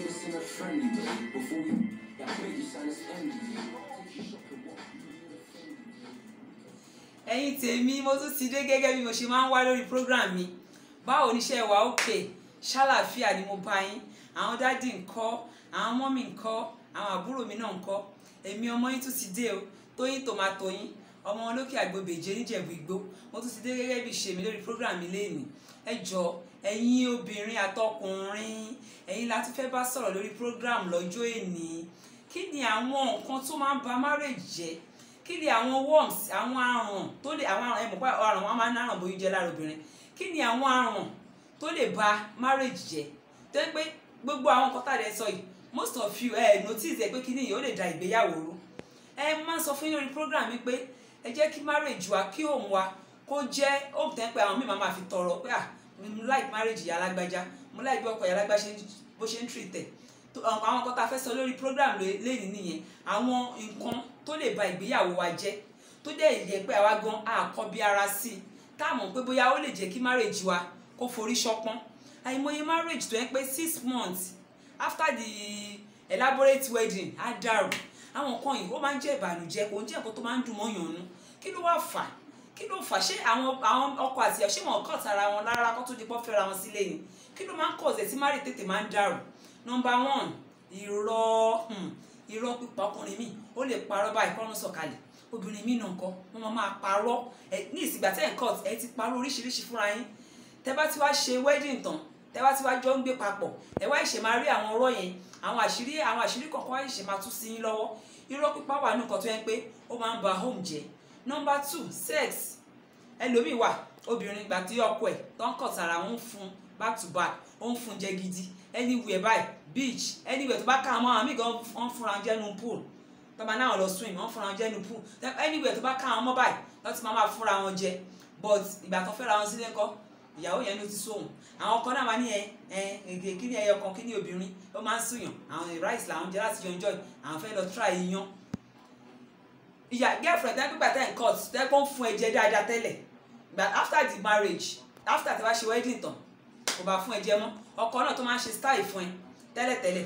you send a friendly though before you that make you sound as envy. ẹ̀yin tèmi mo tún ti dé gẹ́gẹ́ bí mo ṣe máa ń wá lórí program mi báwo níṣẹ́ wa òkè ṣàlàáfíà ni mo bá yín àwọn dádì ńkọ́ àwọn mọ́mì ńkọ́ àwọn àbúrò mi náà ńkọ́ èmi ọmọ yín tún ti dé o tóyìn tòmátò yín ọmọ olókè àgbòbèjé níjẹ̀bú igbó mo tún ti dé gẹ́gẹ́ bí ṣèmi lórí program mi léèní ẹ jọ̀ọ́ ẹ̀yin obìnrin àtọkùnrin ẹ̀yin láti fẹ́ bá sọ̀rọ̀ lórí program lọ́jọ́ èní kí ni àwọn nǹkan tó máa ń ba marriage jẹ́ kí ni àwọn worms àwọn àrùn tó lè àwọn àrùn ẹ̀mọ̀pá àrùn wọn máa ń àrùn bóyú jẹ́ lára obìnrin kí ni àwọn àrùn tó lè ba marriage jẹ́ tó ń pé gbogbo àwọn nǹkan tá sọ yìí most of you ẹ eh, notice ẹ pé kí ni yìí ó lè da ìgbéyàwó rú ẹ máa sọ fún yín lórí program mi pé ẹ jẹ́ kí marriage wa kí òun wa kó jẹ́ òun tẹ́ pé àwọn míì máa fi tọrọ pé ah mo like marriage ìyá alágbájá mo like bí ọkọ ìyá alágbájá bó ṣe ń treat ẹ̀ àwọn nǹkan tá a fẹ́ sọ lórí program lẹ́yìn nìyẹn àwọn nǹkan tó lè ba ìgbéyàwó wa jẹ́ tó dẹ̀ yẹ pé àwa gan àkọ́bí ara sí i táàmù pé bóyá ó lè jẹ́ kí marriage wa kó forí ṣọpọ́n àìmọye marriage tó yẹ pé six months after the elaborate wedding á dàrú àwọn kan yìí ó máa ń jẹ́ ìbànújẹ́ kò ń jẹ́ nǹkan tó máa ń dùn mọ́yàn nú kí ló wá fà á kí ló fà ṣé àwọn àwọn ọkọ àti ìyàwó ṣé wọn kọ̀ tara wọn lára kó tó di pọ́ fẹ́ra wọn sílé yìí kí ló máa ń kọ̀ ọ̀sẹ̀ tí mari tètè máa ń dàrú nọmba one irọ́ irọ́ hmm, pípa ọkùnrin mi ó lè parọ́ báyìí kọ́run sọ̀kalẹ̀ obìnrin mi náà kọ́ wọ́n máa máa parọ́ ní ìsìgbà tẹ́ ẹ̀ kọ́ ẹ ti parọ́ oríṣiríṣi fúnra yín tẹ́ bá ti wá ṣe wedding tán tẹ́ bá ti wá jọ ń gbé papọ̀ ẹ wá ìṣe máa rí àwọn ọ̀rọ̀ yẹn àwọn àṣírí àwọn àṣírí kọ̀ọ̀kan wá ìṣe máa tú sí yín lọ́wọ́ irọ́ pípa wà nù kan tó yẹn pé ó máa ń ba home jẹ́ number two sex ẹlòmíì wà obìnrin ìgbà tí ọkọ ẹ̀ tó ń kọ̀ sára ń fún back to back ó ń fún jẹ gidi anywhere by beach anywhere tó bá ká àwọn àmì gan ń fúnra jẹ́ nu pool tọ́ba náà lọ swim wọ́n fúnra wọn jẹ́ nu pool anywhere tó bá ká àwọn ọmọ báyìí wọ́n ti máa máa fúnra wọn jẹ but ìgbà tó fẹ́ra wọn sílé kọ́ ìyàwó yẹn ló ti sóhun àwọn kan náà máa ní ẹ ẹ èdè kí ni ẹyọ kan kí ni obìnrin ó máa ń sùn yàn àwọn rice làwọn jẹ láti yọ enjoy àwọn fẹ́ lọ try iyán ìyá girlfriend tẹ́ pípa tẹ́ ń cut tẹ́ kó ń fún ẹ jẹ dáadáa tẹ́lẹ̀ but after the marriage after tí wàá ṣe wedding tán kò bá fún ẹ jẹ mọ́ ọkọ náà tó máa ń ṣe style fún ẹ tẹ́lẹ̀tẹ́lẹ̀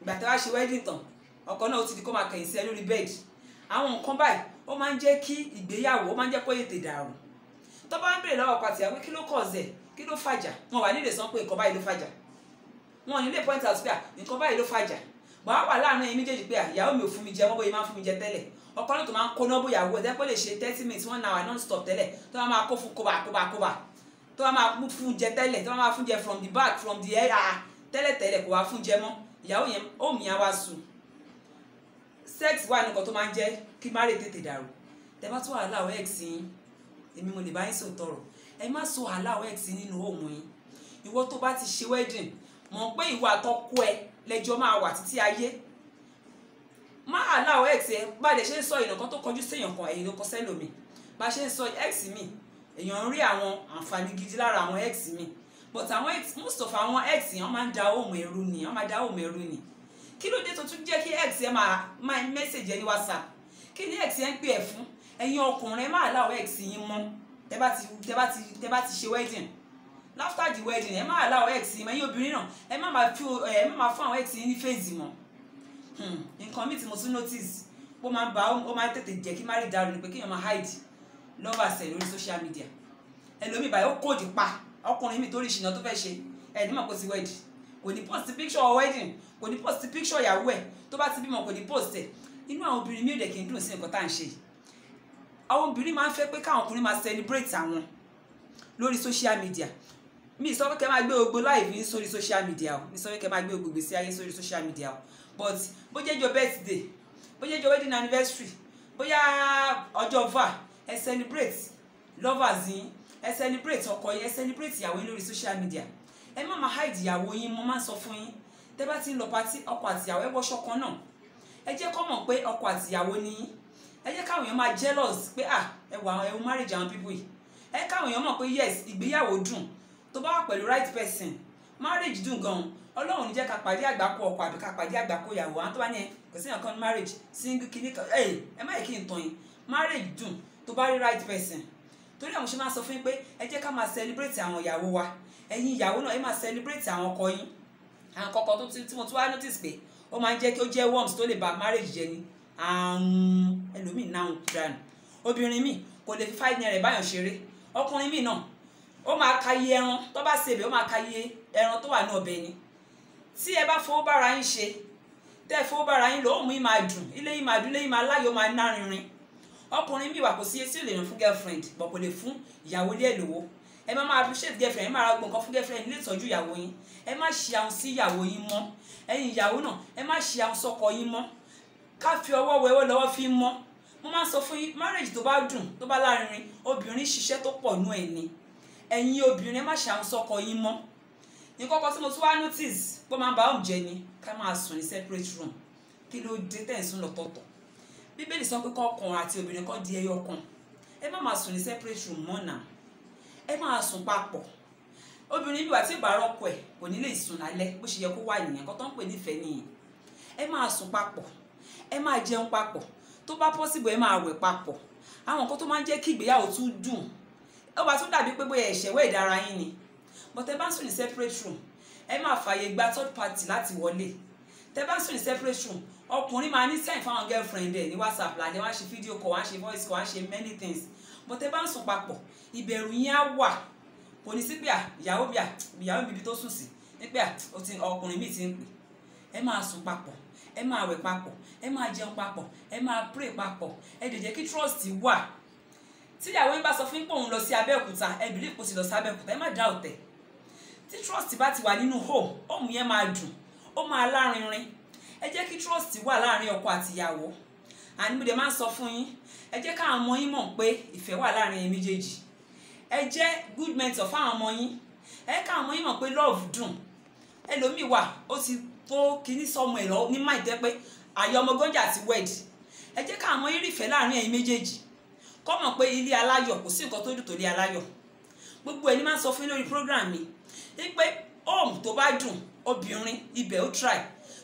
ìgbà tí wàá ṣe wedding tán ọkọ náà ó ti di kó máa kẹ̀yìn sí ẹ lórí bed àwọn nǹkan báyìí ó máa ń jẹ́ kí ìgbéyàwó ó máa ń jẹ́ kó yètè dàrú tó bá ń bèrè lọ́wọ́ pàtì àwọn kí ló cause kí ló fàjà wọn wà nílé sàn pé nǹkan báyìí ló fàjà wọn nílé point out pé nǹkan báyìí ló fàjà wàá wà láàrin ẹ̀yin méjèèjì pé ah, ìyàwó mi ò fún mi jẹ wọ́n bóyá máa ń fún mi jẹ tẹ́lẹ̀ ọkọ náà tó máa ń kóná bóyá wọ ẹ̀dẹ́ pé lè ṣe thirty minutes one hour non stop tẹ́lẹ̀ tó máa kó fún kóbá kóbá kóbá tó máa fún jẹ tẹ́lẹ̀ tó máa fún jẹ from the back from the air ah, tẹ́lẹ̀ tẹ́lẹ̀ kó wá fún jẹ mọ́ ìyàwó yẹn ó mìíràn wá sùn sex wà nìkan tó máa ń jẹ́ kí má lè tètè dàrú tẹ bá tún wàhálà ọ̀ x yín èmi mo lè bá yín sọ tọrọ ẹ má sọ wàhálà ọ̀ x lẹ́jọ́ máa wà títí ayé má aláwọ̀ x ẹ̀ bá lè ṣe ń sọ ìnàkan tó kọjú séèyàn kan ẹ̀yìn ló kọ sẹ́lòmíì bá ṣe ń sọ x mi èèyàn ń rí àwọn àǹfààní gidi lára àwọn x mi but àwọn x most of àwọn x yẹn máa ń da òmù ẹrú ni wọ́n máa da òmù ẹrú ni kí ló dé tó tún jẹ́ kí x ẹ máa máa mẹ́sàgì ẹ ní whatsapp kí ni x ẹ ń pè ẹ fún ẹ̀yin ọkùnrin má aláwọ̀ x yín mọ́ tẹ́ bá ti tẹ́ bá ti tẹ́ bá ti ṣe wedding after the wedding ẹ má allow ex yìí mọ ẹ̀yin obìnrin náà ẹ má máa fún ẹ má máa fún àwọn ex yìí ní fèsì mọ́ hmm, nǹkan mi tí mo tún notice ó máa ń ba ó máa ń tètè jẹ́ kí marriage dàrú ni pé kéèyàn máa hide lovers ẹ̀ lórí social media ẹlòmíì báyìí ó kóòdì pa ọkùnrin mi tó rí ìṣìnà tó fẹ́ ṣe ẹni mọ̀ kó ti wedding, kò ní post picture wedding kò ní post picture ìyàwó ẹ̀ tó bá ti bímọ kò ní post ẹ̀ inú àwọn obìnrin mi ò dẹ̀ kí n dùn sí nǹkan tá à ń ṣe àwọn obìnrin máa ń fẹ́ pé káwọn ọkùnrin máa celebrate àwọn lórí social media mi sọ pé kẹ́ máa gbé gbogbo láìfi sórí social media o mi sọ pé kẹ́ máa gbé gbogbo ìgbésí ayé sórí social media o but bó jẹ́ jọ birthday bó jẹ́ jọ wedding anniversary bóyá ọjọ́ va ẹ celebrate lovers yín ẹ celebrate ọkọ yín ẹ celebrate ìyàwó yín lórí social media ẹ má máa hide ìyàwó yín mo máa ń sọ fún yín tẹ́ bá ti ń lọ patí ọkọ àtìyàwó ẹ wọṣọ kan náà ẹ jẹ́ kọ́ mọ̀ pé ọkọ àtìyàwó ni yín ẹ jẹ́ káwọn èèyàn máa jealous pé ah ẹ wà ẹ wo marriage àwọn people yìí ẹ káwọn èèyàn mọ̀ pé yes ìgbéyàwó dùn tó bá wà pẹ̀lú right person marriage dùn gan-an ọlọ́run ní jẹ́ ká pàdé àgbákò ọkọ àbí ká pàdé àgbákò ìyàwó àwọn tó bá yẹn kò sí nǹkan marriage single kìíní kan ẹ ẹ má yẹ kí n tàn yín marriage dùn tó bá rí right person torí àwọn ṣe máa sọ fún yín pé ẹ jẹ́ ká máa celebrate àwọn ìyàwó wa ẹ̀yin ìyàwó náà ẹ máa celebrate àwọn ọkọ yín àwọn kọkọ tó ti tí mo tún wá notice pé ó máa ń jẹ́ kí ó jẹ́ worms tó lè ba marriage jẹ́ ni àrùn ẹlòmíì náà dànù obìnrin míì kò lè fi five naira báyọ̀ ṣeré ọkùnrin míì náà ó máa ka iye ẹran tó bá ṣe ibẹ̀ ó máa ka iye ẹran tó wà ní ọbẹ̀ ni tí ẹ bá fowó bára yín ṣe tẹ́ ẹ fowó bára yín lọ ó mú yín máa dùn ilé yín máa dùn ilé yín máa láyọ̀ máa ná rinrin ọkùnrin mi wà kò sí etí ò lè rìn fún girlfriend bọ̀ kò lè fún ìyàwó ilé ẹ̀ lówó ẹ má máa appreciate girlfriend ẹ má ra gbọ̀n kan fún girlfriend nílé ìtọ́jú ìyàwó yín ẹ má ṣe àwọn sí ìyàwó yín mọ́ ẹ̀yin ìyàwó náà ẹ má ṣe àwọn sọ́kọ yín mọ́ ká fi ọwọ́ wẹwọ́ lọ́wọ́ fi mọ́ mo máa ń sọ fún yín marriage tó bá dùn tó bá lárinrin obìnrin ṣiṣẹ́ tó pọ̀ nú ẹ̀ ni Eyin obìnrin má ṣe à ń sọkọ yín mọ́ ní kọ́kọ́ tí mo tún wá notice pé máa bá òun ni ká máa sùn ní separate room kí ló dé tẹ̀ ń sùn bíbélì sọ pé kọ́kùnrin àti obìnrin kọ́ di ẹyọ kan ẹ má máa sùn separate room mọ́ náà ẹ máa sùn papọ̀ obìnrin bí wà tí ìbá rọ́kọ ẹ̀ kò ní lè yẹ kó wà nìyẹn kó tó ń pè nífẹ̀ẹ́ nìyẹn ẹ máa sùn papọ̀ ẹ máa jẹun papọ̀ tó bá ẹ máa wẹ̀ papọ̀ àwọn nǹkan tó máa ń jẹ́ ó bá tún dàbí pé bóyá ẹ̀ṣẹ̀wé ìdára yín ni but ẹ bá ń sùn ní separate room ẹ máa fààyè gba third party láti wọlé tẹ bá ń sùn ní separate room ọkùnrin máa ní sẹ́yìn fáwọn girlfriend ẹ̀ ní whatsapp làdé wá ṣe fídíò kọ̀ wá ṣe voice kọ̀ wá ṣe many things but ẹ bá ń sùn papọ̀ ìbẹ̀rù yín á wà kò ní sí pé ìyàwó mi ìyàwó mi ibi tó sùn sí ní pé ọkùnrin mi ti ń pè ẹ máa sùn papọ̀ ẹ máa wẹ̀ papọ̀ ẹ máa jẹun papọ̀ ẹ máa pray papọ̀ ẹ dẹ̀ jẹ́ kí trust wà tíyàwó yín bá sọ fún pòun lọ sí abẹ́òkúta ẹ bìlí ìpò sì lọ sí abẹ́òkúta ẹ má dá ọ̀tẹ̀ tí trust bá ti wà nínú home home yẹn máa dùn ó máa lárinrin ẹ jẹ́ kí trust wà láàrin ọkọ àtìyàwó àní mo dẹ̀ máa ń sọ fún yín ẹ jẹ́ káwọn ọmọ yín mọ̀ pé ìfẹ́ wà láàrin ẹ méjèèjì ẹ jẹ́ good mentor fáwọn ọmọ yín ẹ káwọn ọmọ yín mọ̀ pé love dùn ẹlòmíì wà ó ti tó kinní sọmọ ẹ̀ lọ ní máìtẹ́ pé àyọmọ gọ́jà ti wed ẹ jẹ́ káwọn ọmọ yín rí ìfẹ́ láàrin ẹ̀yin méjèèjì kó mọ̀ pé ilé aláyọ̀ kò sí nǹkan tó dùn tó ilé aláyọ̀ gbogbo ẹni máa ń sọ fún lórí program mi wípé home tó bá dùn obìnrin ibẹ̀ ó try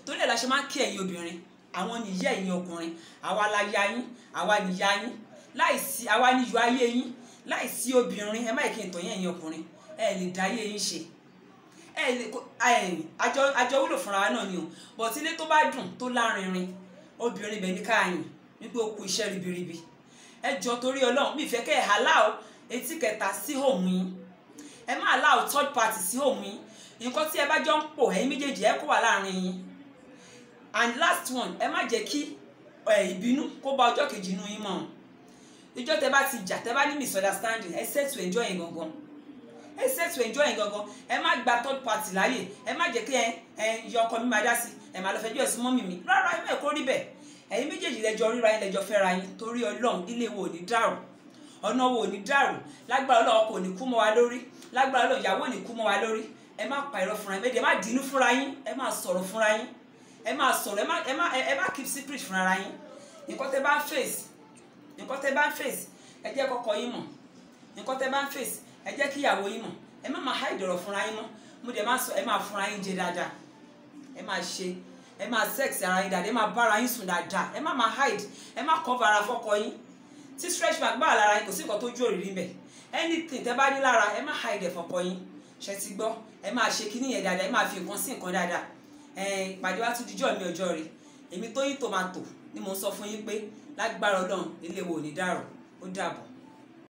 torí ẹ̀ la ṣe máa ń kí ẹ̀yin obìnrin àwọn nìyí ẹ̀yin ọkùnrin àwa la ya yín àwa nìyá yín láìsí àwa nìyọ ayé yín láìsí obìnrin ẹ má kí n tọ̀ yín ẹ̀yin ọkùnrin ẹ lè dá ayé yín ṣe ẹ lè àjọ wúlò fúnra wa náà ni o bọ̀tílé tó bá dùn tó lárinrin obìnrin bẹ̀ ní káàyìn wípé ó kú iṣẹ́ ribiribi ẹ jọ torí ọlọ́run mi ìfẹ́ kẹ́ ẹ̀ allow etí kẹta sí home yín ẹ má allow third party sí home yín nǹkan tí ẹ bá jọ ń pò ẹ̀yin méjèèjì ẹ kó wà láàrin yín and last one ẹ má jẹ́ kí ìbínú kó ba ọjọ́ kejì inú yín mọ́ ìjọ tẹ bá ti jà tẹ bá ní misunderstanding ẹ set to enjoy yín gangan ẹ set to enjoy yín gangan ẹ má gba third party láàyè ẹ má jẹ́ kí ẹ yọ ọkọ mi máa dá sí ẹ má lọ fẹjọ́ ẹ̀sùn mọ́mì mi rárá ẹ má kó rí bẹ́ẹ̀ ẹ̀yin méjèèjì lẹ́jọ́ ríra yín lẹ́jọ́ fẹ́ra yín torí ọlọ́run ilé wo ò ní dàrú ọ̀nà wo ò ní dàrú lágbára ọlọ́run kò ní kú mọ́ wa lórí lágbára ọlọ́run ìyàwó ò ní kú mọ́ wa lórí ẹ má pa irọ́ fúnra yín méjì ẹ má dínú fúnra yín ẹ má sọ̀rọ̀ fúnra yín ẹ má sọ̀rọ̀ ẹ má ẹ má keep secret fúnra yín nǹkan tẹ bá ń face nǹkan tẹ bá ń face ẹ jẹ́ kọ́kọ yín mọ̀ nǹkan tẹ bá ń face ẹ jẹ́ kíyàwó yín mọ̀ ẹ má máa hide ọ̀rọ̀ fúnra yín mọ́ mo dẹ̀ má sọ ẹ má fúnra yín jẹ dáadáa ẹ má ṣe ẹ máa sex ara yín dáadáa ẹ máa bára yín sùn dáadáa ẹ má máa hide ẹ má cover ara fọ́kọ yín tí stretch mark bá lára yín kò sí nǹkan tó jó òrìrì mẹ́ anything tẹ́ bá ní lára ẹ má hide ẹ̀ fọ́kọ yín ṣe ti gbọ́ ẹ máa ṣe kíní yẹn dáadáa ẹ máa fi nǹkan sí nǹkan dáadáa ìpàdé wa tún dijọ́ mi ọjọ́ rẹ̀ èmi Tóyìn Tòmátò ni mò ń sọ fún yín pé lágbára Ọlọ́run ilé wo ò ní dàrú ó dàbọ̀.